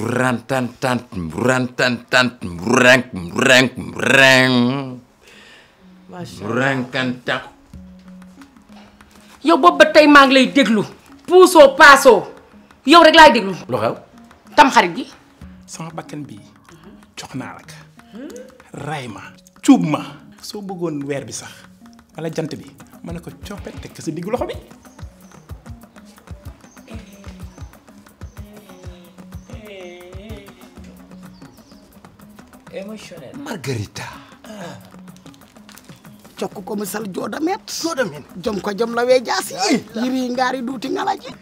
Burantan tan, burantan tan, burang, burang, burang. burang kantak. yow boobu ba tey maa ngi lay déglu puusoo paasoo yow rek laay déglu. lu xew tam xarit gi. sama bakkan bi jox naa la ko. ray ma cuub ma. soo bëggoon weer bi sax wala jant bi ma ko coppet teg ko sa diggu bi. émotionnel Margarita cokku ah. ko misal joodamet joodamet jom ko jom la wee jaas yi yiri ngaari duuti ngalaji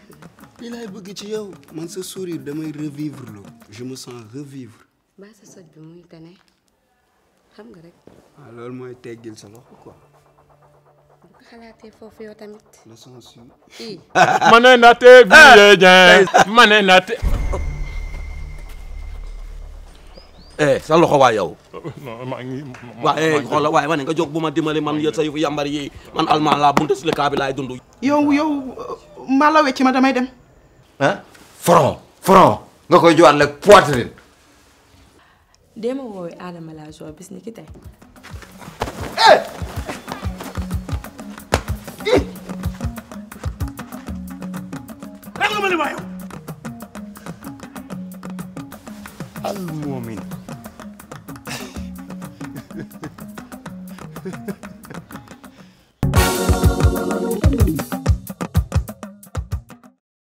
li laay bëgg ci yow man sa sourire damay revivre lo je me sens revivre baa sa soj bi muy tane xam nga rek waaw ah, loolu mooy teggil sa loxo quoi xalaatee foofu yow tamit. le sens su. ma ne naate. Ah. bii yee jën ma ne naate. eh sa loxo waa yow. non maa ngi maa eh, ngi xoolal waaye ma ne nga jóg bu man yéen sa yu yambar yi man almaan laa bunte si le cas bi laay dund. yow yow maa la wecc ma damay dem. ah front front nga koy joxaat nag poitrine. dee ma woowee Adama laa jox bis ni ki tey. rek eh! nga eh! ma ne ma yow. フフフフ。